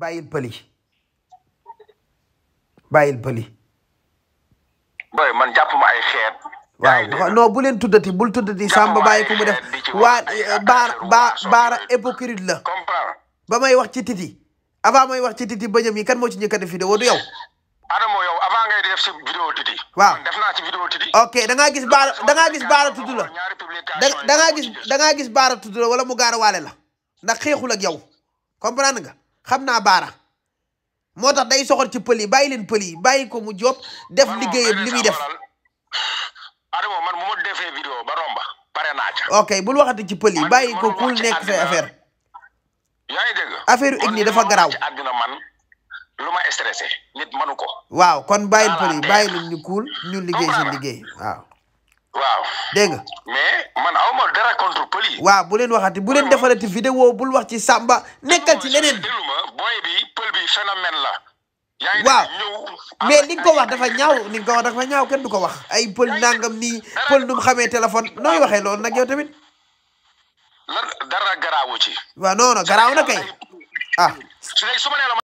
bàyyil pëli bàyyil pëli boy man jàpp ma xeet waaw non leen tuddati bul tuddati Samba bàyyi ko mu def waa baar la ba may wax ci titi avant may wax ci titi bëñam yi kan moo ci njëkk a def vidéo du yow ok da gis baara da tudd la da gis da ngaa tudd la wala mu gaara waale la ndax xeexul ak yow comprendre nga xam naa baara moo tax day soxor ci pël yi bàyyi leen pël yi bàyyi ko mu jóob def liggéeyam li muy def. Adama man moo ma defee vidéo ba romba pare naa ca. ok bul waxati ci pël yi bàyyi ko kuul nekk sa affaire. yaa ngi affaire yu ethnie dafa garaaw. àddina man ma stressé nit ko. waaw kon bàyyi pël yi bàyyi leen nu kuul ñu liggéey seen liggéey waaw. waaw dégg man aw waaw bu leen waxati bu leen defarati vidéo bul wax ci Samba nekkal ci leneen. boy bi pël bi la. waaw li nga ko wax dafa ñaaw li nga ko wax dafa ñaaw kenn du ko wax ay pël nangam nii pël nu xamee téléphone nooy waxee loolu nag yow tamit. dara garaawu ci. waaw non non garaaw na kay ah.